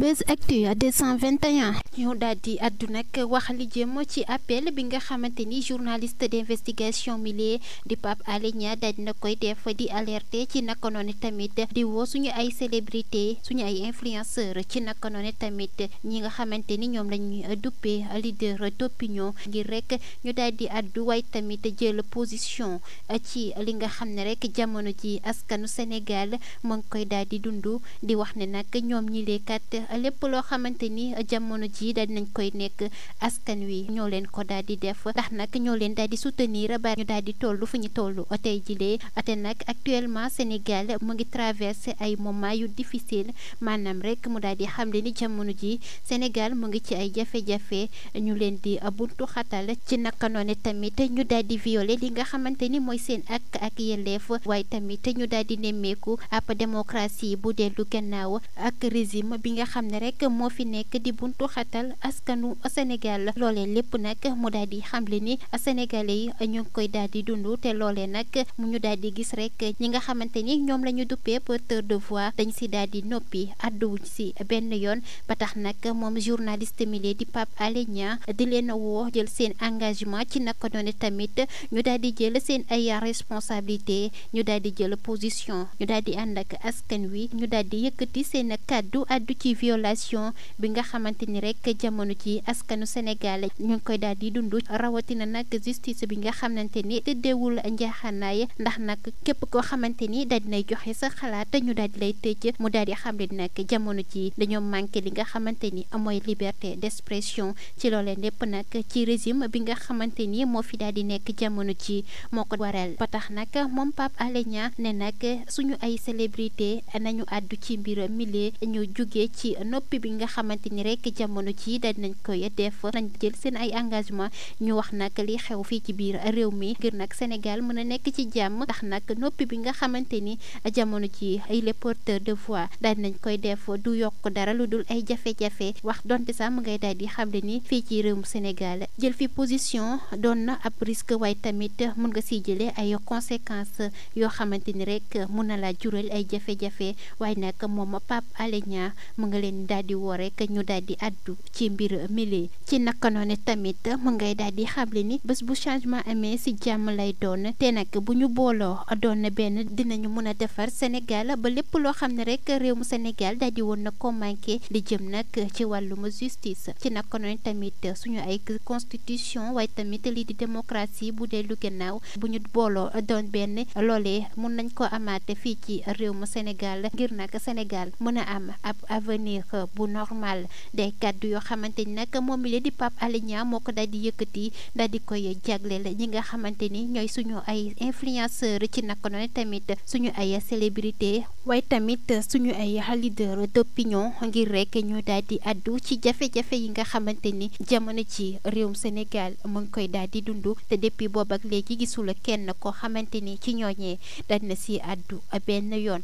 Buzz Actu 221 ñu daal di àddu nag wax li jëm ci appel bi nga xamante ni journaliste d'investigation milier di Pape Alé Niang daal na koy def di alerter ci naka noonu tamit di woo suñu ay célébrité suñu ay influenceur ci naka noonu tamit ñi nga xamante ni ñoom lañuy duppee leader d'opinion ngir rek ñu daal di àddu waaye tamit jël position ci li nga xam ne rek jamono ji askanu Sénégal mu ngi koy daal di dund di wax ne nag ñoom ñi lépp loo xamante ni jamono ji daal dinañ koy nekk askan wi ñoo leen ko daal di def ndax nag ñoo leen daal di soutenir ba ñu daal di toll fu ñu toll tey jilee ate nag actuellement Sénégal mu ngi traversé ay moment yu difficile maanaam rek mu daal di xamle ni jamono ji Sénégal mu ngi ci ay jafe-jafe ñu leen di buntu xatal ci naka noonu tamit ñu daal di violé li nga xamante ni mooy seen ak ak yelleef waaye tamit ñu daal di nemmeeku ab démocratie bu dellu gannaaw ak régime bi nga xam xam ne rek moo fi nekk di buntu xatal askanu Sénégal loolee lépp nag mu daal di xamle ni sénégalais yi ñu ngi koy daal di dund te loolee nag mu ñu daal di gis rek ñi nga xamante ni ñoom la ñu duppee porteur de voix dañu si daal di noppi àdduwuñ si benn yoon ba tax nag moom journaliste mi di Pape Alé Niang di leen woo jël seen engagement ci naka noonu tamit ñu daal di jël seen ay responsabilité ñu daal di jël position ñu daal di askan wi ñu daal di seen kàddu àddu violation bi nga xamante ni rek jamono ci askanu Sénégal ñu ngi koy daal di dund rawatina nag justice bi nga xamante ni tëddeewul njaaxanaay ndax nag képp ko xamante ni daal dinay joxe sa xalaat ñu daal di lay tëj mu daal di xamle nag jamono ji dañoo manqué li nga xamante ni mooy liberté d'expression ci loolee lépp nag ci régime bi nga xamante ni moo fi daal di nekk jamono ji moo ko waral ba tax nag moom Pape Alé Niang ne nag suñu ay célébrité nañu àddu ci mbir noppi bi nga xamante ni rek jamono ci dañ nañ koy def nañ jël seen ay engagement ñu wax nag li xew fii ci biir réew mi ngir nag Sénégal mën a nekk ci jàmm ndax nag noppi bi nga xamante ni jamono ci ay les de voix daal nañ koy def du yokk dara lu dul ay jafe-jafe wax donte sax mu ngay daal di xamle ni fii ci réewum Sénégal jël fi position doon na ab risque waaye tamit mun nga si jëlee ay conséquence yoo xamante ni rek mun na laa jural ay jafe-jafe waaye nag moom Pape Alé leen daal di woo rek ñu daal di addu ci mbir mili ci naka noonu tamit mu ngay daal di xamle ni bés bu changement amee si jàmm lay doon te nag bu ñu booloo doon benn dinañu mën a defar Sénégal ba lépp loo xam ne rek réew mu Sénégal daal di woon na ko manqué di jëm nag ci wàllum justice ci naka noonu tamit suñu ay constitution waaye tamit lii di démocratie bu dee lu gannaaw bu ñu booloo doon benn loolee mun nañ ko amaate fii ci réew mu Sénégal ngir nag Sénégal avenir bu normal des kaddu yoo xamante ni nag moom mi la di Pape Alé Niang moo ko daal di yëkkati daal di koy ñi nga xamante ni ñooy suñu ay influenceur ci naka noonu tamit suñu ay célébrité waaye tamit suñu ay leader d'opinion ngir rekk ñu daal di addu ci jafe-jafe yi nga xamante ni jamono ci réewum Sénégal mu ngi koy daal di dund te depuis boobu ak léegi gisul kenn koo xamante ni ci ñooñee dañ na si addu benn yoon